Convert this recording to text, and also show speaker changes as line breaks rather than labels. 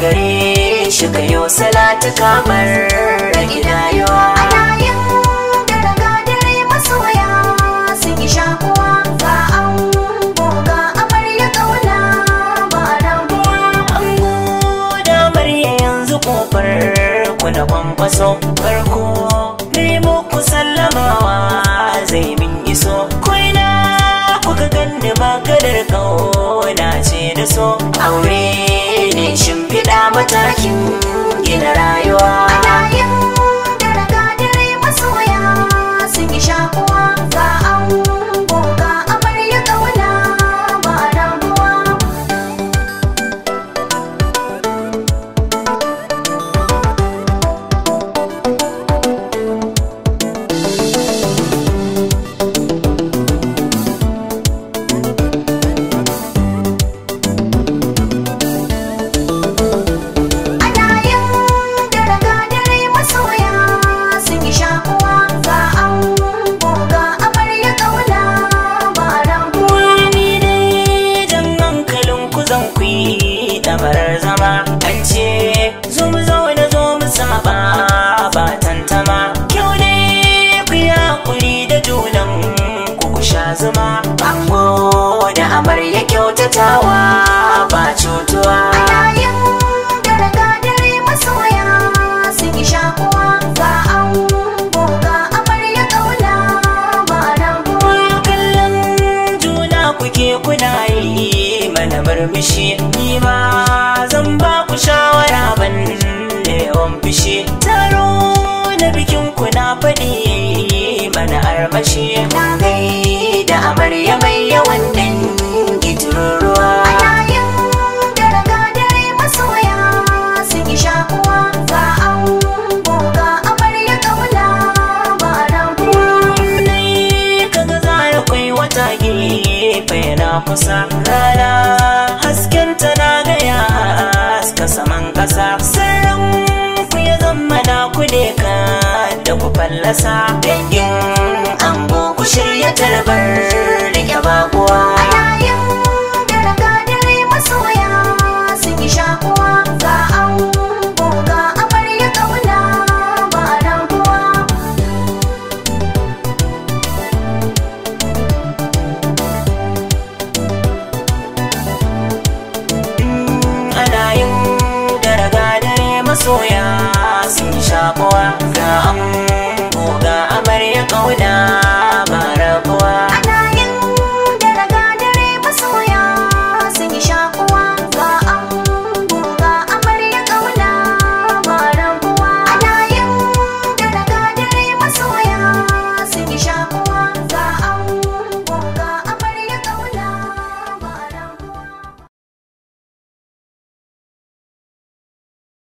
gare shi ka salatu kamar gida yawa a yayin da daga dare masoya sun yi shakuwa ga an boga amar ya kauna ba a rabuwa an goda amarya yanzu kofar ku na kwankwaso farko nemo ku sallamawa zai min iso ko ina kuka ganni maganar kauna ce da so you. zuma ango wani amarya kyautatawa ba cutuwa a yayin gargadare masoya sun yi shakuwa ga ango ga amarya kauna ba rabuwa juna kuke kuna yi mana murmushi ni ma zan ba ku shawara ban da yawan kusa rana ta na gaya haska saman ƙasa sirrin ku ya zama na ku ne ka da ku fallasa dangin an ku shirya tarbar masoya sun sha kowa ga amma